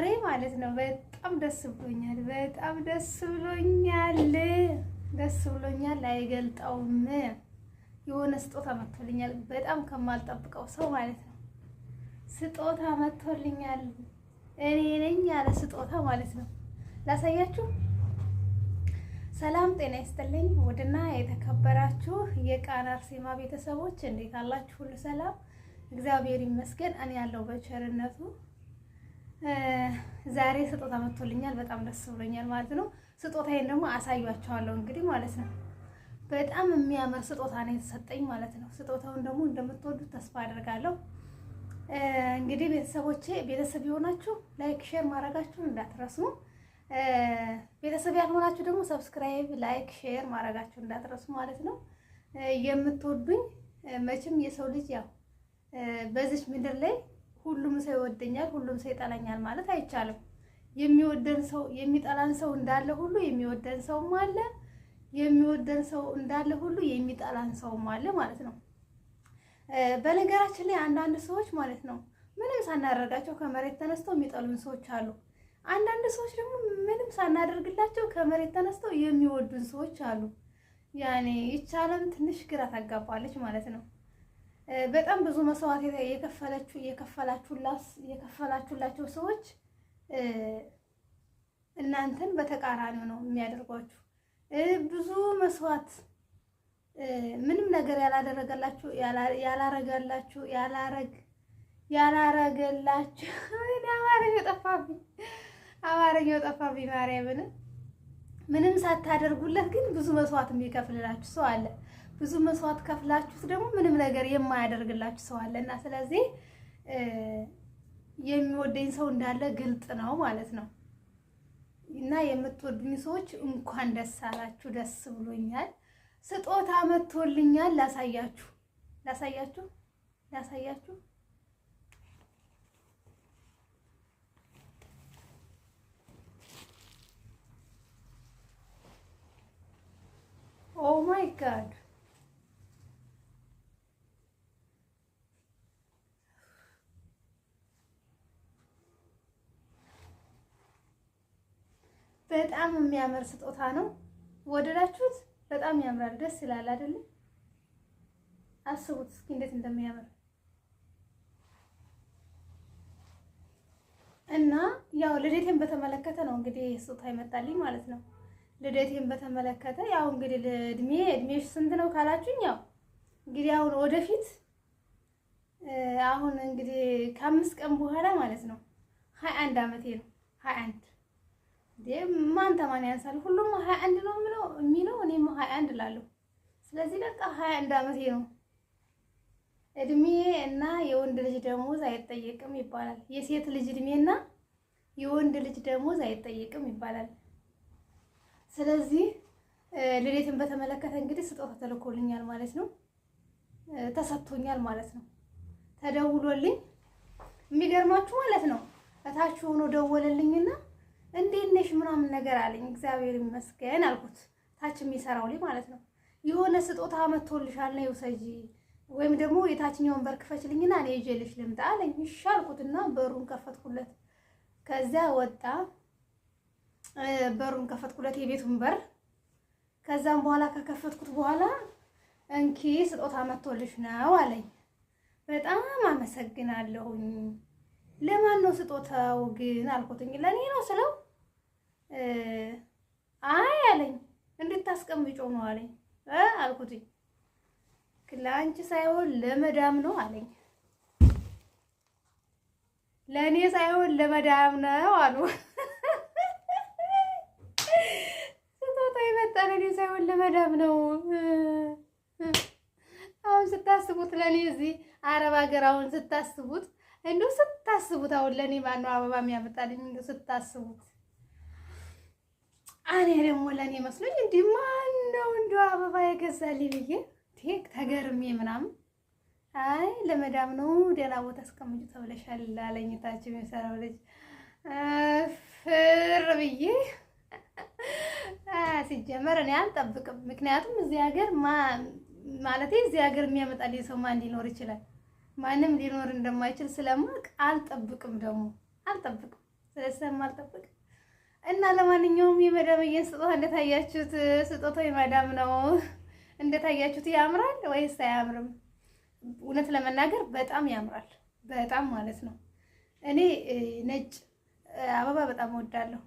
ዛሬ ማለት ነው በጣም ደስ ብሎኛል። በጣም ደስ ብሎኛል። ደስ ብሎኛል አይገልጠውም። የሆነ ስጦታ መጥቶልኛል በጣም ከማልጠብቀው ሰው ማለት ነው። ስጦታ መጥቶልኛል። እኔ ነኝ ያለ ስጦታ ማለት ነው። ላሳያችሁ። ሰላም ጤና ይስጥልኝ። ውድና የተከበራችሁ የቃና አርሴማ ቤተሰቦች እንዴት አላችሁ? ሁሉ ሰላም፣ እግዚአብሔር ይመስገን። እኔ ያለው በቸርነቱ ዛሬ ስጦታ መጥቶልኛል። በጣም ደስ ብሎኛል ማለት ነው። ስጦታዬን ደግሞ አሳያችኋለሁ እንግዲህ ማለት ነው። በጣም የሚያምር ስጦታ ነው የተሰጠኝ ማለት ነው። ስጦታውን ደግሞ እንደምትወዱት ተስፋ አደርጋለሁ። እንግዲህ ቤተሰቦቼ ቤተሰብ የሆናችሁ ላይክ፣ ሼር ማድረጋችሁን እንዳትረሱ። ቤተሰብ ያልሆናችሁ ደግሞ ሰብስክራይብ፣ ላይክ፣ ሼር ማድረጋችሁን እንዳትረሱ ማለት ነው። የምትወዱኝ መቼም የሰው ልጅ ያው በዚች ምድር ላይ ሁሉም ሰው ይወደኛል፣ ሁሉም ሰው ይጠላኛል ማለት አይቻልም። የሚወደን ሰው የሚጠላን ሰው እንዳለ ሁሉ የሚወደን ሰውም አለ፣ የሚወደን ሰው እንዳለ ሁሉ የሚጠላን ሰውም አለ ማለት ነው። በነገራችን ላይ አንዳንድ ሰዎች ማለት ነው ምንም ሳናደርጋቸው ከመሬት ተነስተው የሚጠሉን ሰዎች አሉ። አንዳንድ ሰዎች ደግሞ ምንም ሳናደርግላቸው ከመሬት ተነስተው የሚወዱን ሰዎች አሉ። ያኔ ይቻለም ትንሽ ግራ ታጋባለች ማለት ነው። በጣም ብዙ መስዋዕት የከፈለችው የከፈላችሁላቸው ሰዎች እናንተን በተቃራኒው ነው የሚያደርጓችሁ። ብዙ መስዋዕት ምንም ነገር ያላደረገላችሁ ያላረጋላችሁ ያላረግ ያላረገላችሁ አማርኛው ጠፋብኝ አማርኛው ጠፋብኝ ማርያምን ምንም ሳታደርጉለት ግን ብዙ መስዋዕት የሚከፍልላችሁ ሰው አለ። ብዙ መስዋዕት ከፍላችሁት ደግሞ ምንም ነገር የማያደርግላችሁ ሰው አለ እና ስለዚህ የሚወደኝ ሰው እንዳለ ግልጥ ነው ማለት ነው። እና የምትወዱኝ ሰዎች እንኳን ደስ አላችሁ። ደስ ብሎኛል። ስጦታ መጥቶልኛል። ላሳያችሁ ላሳያችሁ ላሳያችሁ God. በጣም የሚያምር ስጦታ ነው። ወደዳችሁት? በጣም ያምራል። ደስ ይላል አይደለም? አስቡት እስኪ እንዴት እንደሚያምር እና ያው ልደቴን በተመለከተ ነው እንግዲህ ስጦታ ይመጣልኝ ማለት ነው። ልደቴን በተመለከተ ያው እንግዲህ እድሜ እድሜሽ ስንት ነው ካላችሁኝ፣ ያው እንግዲህ አሁን ወደፊት አሁን እንግዲህ ከአምስት ቀን በኋላ ማለት ነው ሀያ አንድ አመቴ ነው። ሀያ አንድ ማን ተማን ያንሳል? ሁሉም ሀያ አንድ ነው የሚለው የሚለው እኔም ሀያ አንድ እላለሁ። ስለዚህ በቃ ሀያ አንድ አመቴ ነው። እድሜ እና የወንድ ልጅ ደሞዝ አይጠየቅም ይባላል። የሴት ልጅ እድሜ እና የወንድ ልጅ ደሞዝ አይጠየቅም ይባላል። ስለዚህ ልደትን በተመለከተ እንግዲህ ስጦታ ተልኮልኛል ማለት ነው፣ ተሰጥቶኛል ማለት ነው። ተደውሎልኝ የሚገርማችሁ ማለት ነው እታች ሆኖ ደወለልኝና እንዴት ነሽ ምናምን ነገር አለኝ። እግዚአብሔር ይመስገን አልኩት። ታች የሚሰራው ላይ ማለት ነው የሆነ ስጦታ መጥቶልሻል ነይ ውሰጂ፣ ወይም ደግሞ የታችኛውን በር ክፈችልኝና እኔ ይዤልሽ ልምጣ አለኝ። እሺ አልኩትና በሩን ከፈትኩለት። ከዚያ ወጣ። በሩን ከፈትኩለት፣ የቤቱን በር። ከዛም በኋላ ከከፈትኩት በኋላ እንኪ ስጦታ መጥቶልሽ ነው አለኝ። በጣም አመሰግናለሁኝ። ለማን ነው ስጦታው ግን አልኩትኝ። ለእኔ ነው ስለው አይ አለኝ። እንድታስቀምጪው ነው አለኝ አልኩትኝ። ለአንቺ ሳይሆን ለመዳም ነው አለኝ። ለእኔ ሳይሆን ለመዳም ነው አሉ። በእርግጥ ለእኔ ሳይሆን ለመዳብ ነው። አሁን ስታስቡት ለእኔ እዚህ አረብ ሀገር አሁን ስታስቡት እንዲሁ ስታስቡት አሁን ለእኔ ማነው አበባ የሚያመጣልኝ? እንዲሁ ስታስቡት እኔ ደግሞ ለእኔ መስሎኝ እንዲህ ማነው እንዲሁ አበባ የገዛልኝ ብዬ ተገርሜ ምናምን አይ ለመዳም ነው ሌላ ቦታ አስቀምጪ ተብለሻል አለኝታችን የሰራው ልጅ ፍር ብዬ ሲጀመር እኔ አልጠብቅም። ምክንያቱም እዚህ ሀገር ማለት እዚህ ሀገር የሚያመጣልኝ ሰው ማን ሊኖር ይችላል? ማንም ሊኖር እንደማይችል ስለማቅ አልጠብቅም፣ ደግሞ አልጠብቅም። አልጠብቅም። እና ለማንኛውም የመዳምዬን ስጦታ እንደታያችሁት፣ ስጦታ የመዳም ነው እንደታያችሁት። ያምራል ወይስ አያምርም? እውነት ለመናገር በጣም ያምራል፣ በጣም ማለት ነው። እኔ ነጭ አበባ በጣም እወዳለሁ።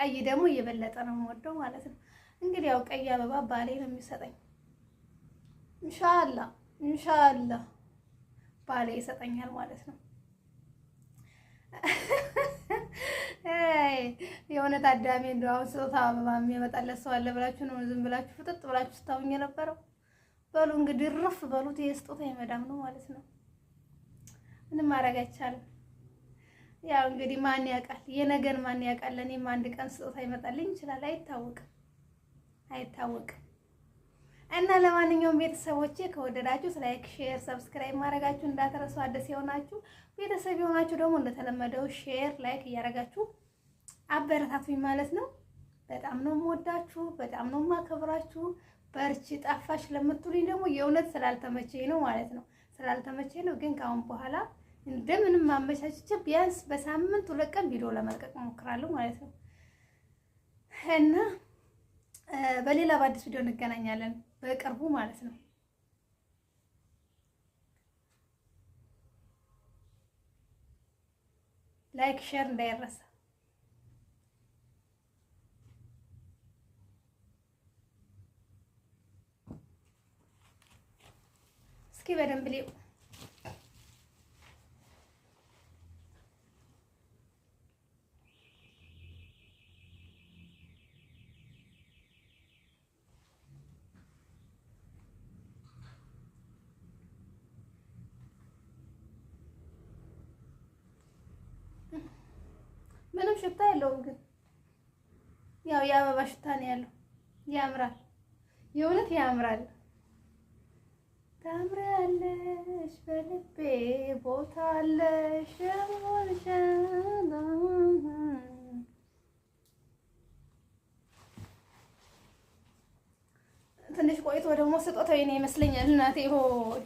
ቀይ ደግሞ እየበለጠ ነው የምወደው ማለት ነው። እንግዲህ ያው ቀይ አበባ ባሌ ነው የሚሰጠኝ። ኢንሻአላ ኢንሻአላ ባሌ ይሰጠኛል ማለት ነው። የሆነ ታዳሚ እንደው አሁን ስጦታ አበባ የሚያመጣለት ሰው አለ ብላችሁ ነው ዝም ብላችሁ ፍጥጥ ብላችሁ ስታውኝ የነበረው? በሉ እንግዲህ ርፍ በሉት። የስጦታ የመዳም ነው ማለት ነው። ምንም ማድረግ አይቻልም። ያው እንግዲህ ማን ያውቃል የነገን ማን ያውቃል? እኔም አንድ ቀን ስጦታ ይመጣልኝ ይችላል። አይታወቅም አይታወቅም። እና ለማንኛውም ቤተሰቦቼ ከወደዳችሁ ላይክ፣ ሼር፣ ሰብስክራይብ ማድረጋችሁ እንዳትረሱ። አዲስ የሆናችሁ ቤተሰብ የሆናችሁ ደግሞ እንደተለመደው ሼር፣ ላይክ እያደረጋችሁ አበረታቱኝ ማለት ነው። በጣም ነው የምወዳችሁ፣ በጣም ነው የማከብራችሁ። በርቺ ጠፋሽ ለምትሉኝ ደግሞ የእውነት ስላልተመቸኝ ነው ማለት ነው፣ ስላልተመቸኝ ነው። ግን ከአሁን በኋላ እንደምንም ማመቻቸት ቢያንስ በሳምንት ሁለት ቀን ቪዲዮ ለመልቀቅ እሞክራለሁ ማለት ነው። እና በሌላ በአዲስ ቪዲዮ እንገናኛለን በቅርቡ ማለት ነው። ላይክ ሼር እንዳይረሳ። እስኪ በደንብ ሊው ምንም ሽታ የለውም፣ ግን ያው የአበባ ሽታ ነው ያለው። ያምራል፣ የእውነት ያምራል። ታምራለሽ፣ በልቤ ቦታ አለሽ። ትንሽ ቆይቶ ደግሞ ስጦታዊ ነው ይመስለኛል እናቴ ሆይ